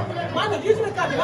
waaw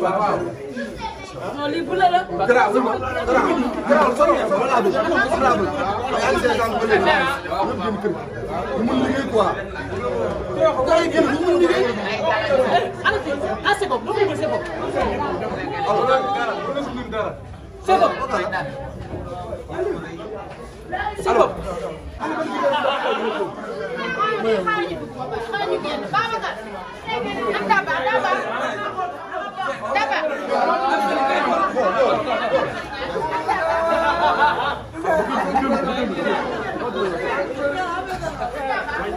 waaw non lii bu la la. garaawul ma garaawul garaawul solo solo laa bëgg solo laa bëgg. yaa ngi seetaan ba léegi ñu jëm kër ñu mun liggéey quoi. koo yi gën ñu mun liggéey. ah c'est bon loolu mooy c'est bon. c'est bon. alors. Daba. Daba.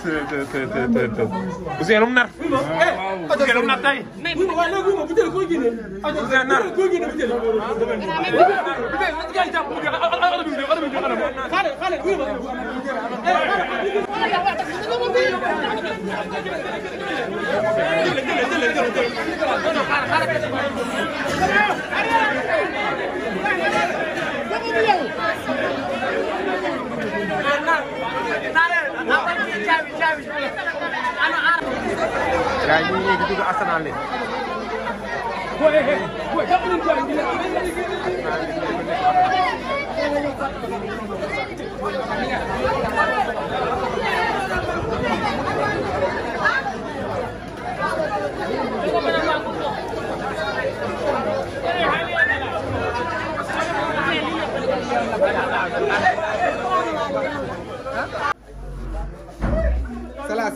Ousseynou mu nar. Ousseynou mu nar tey. Ousseynou nar. Ousseynou nar. gars yi ñu ngi léegi dugg Arsenal leen. Arsenal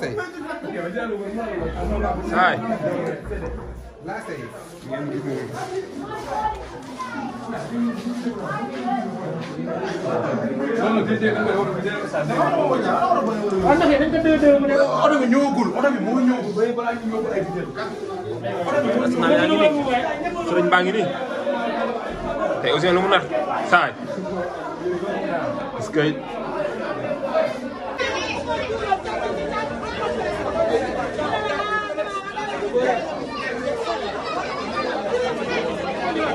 say saay laa say ngeen gis ngeen oto bi ñëwagul oto bi moo ñëwagul bay balaa ñu ñëwagul ay bitel sëriñ baa ngi nii tey aussi lu mu nar saay parce que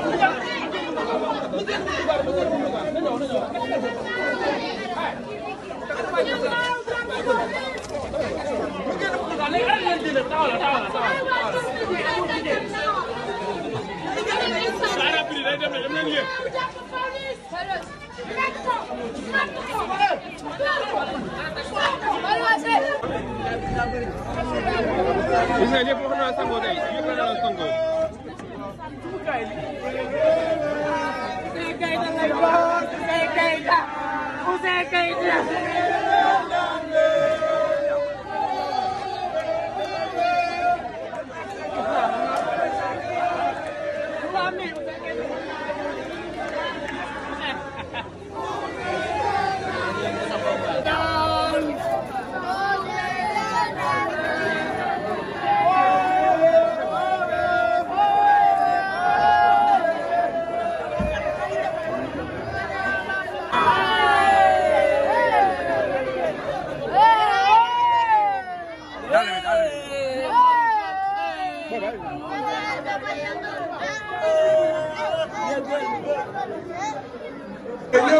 gis nga ñëpp wax naa sango tey yëpp wax naa sango Ouzin Keita te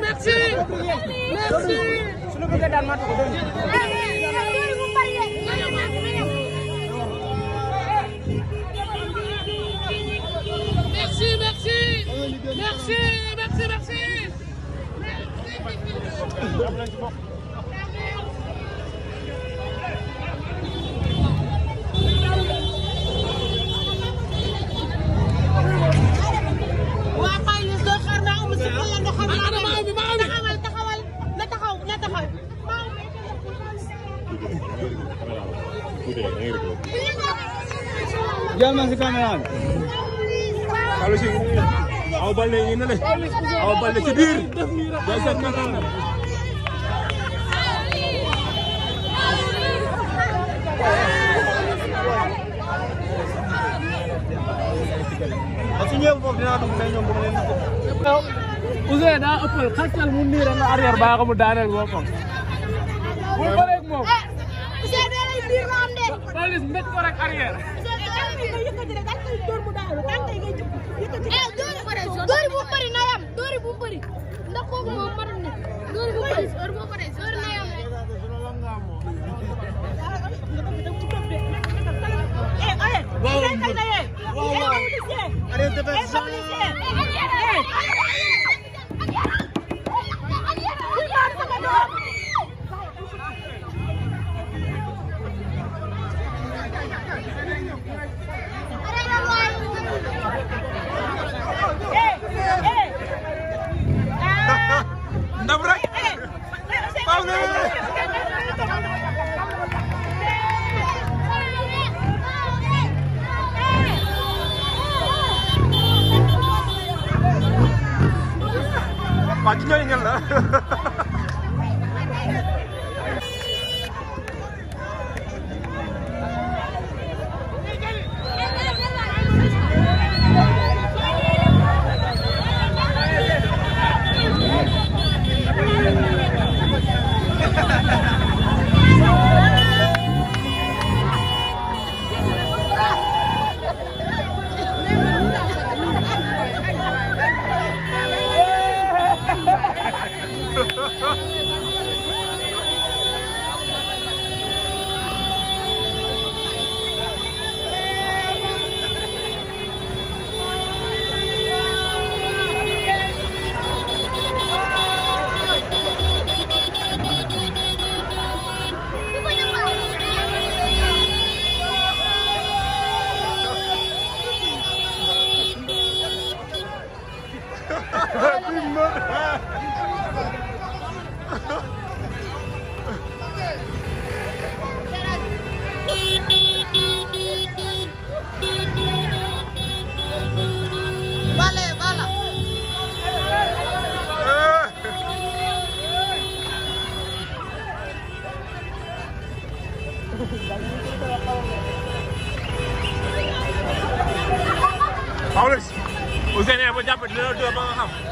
merci merci. su la bëggee daal maa tax merci merci merci merci merci. jël ma si caméra bi. allo si aw balde yi ne le aw balde ci biir day seet na kan su ñëwee foofu dinaa dugg mais ñoom bu ma leen dugg. Ousseyn daa ëppal xasal mu nii rek nga arrière baax mu daaneel boppam. bu bëree ak moom. Eh, Ousseyn da lay biir ma am de. police mbéj ko rek arrière. yi ngay yëkkati rek tànk yi dóor mu daanu tànk yi ngay jóg yëkkati dóor bu bëri na yam dóor bu bëri ndax kooku moom matul ne dóor bu bëri dóor bu bëri dóor na yam Wow. Wow. Wow. Huh? la ba nga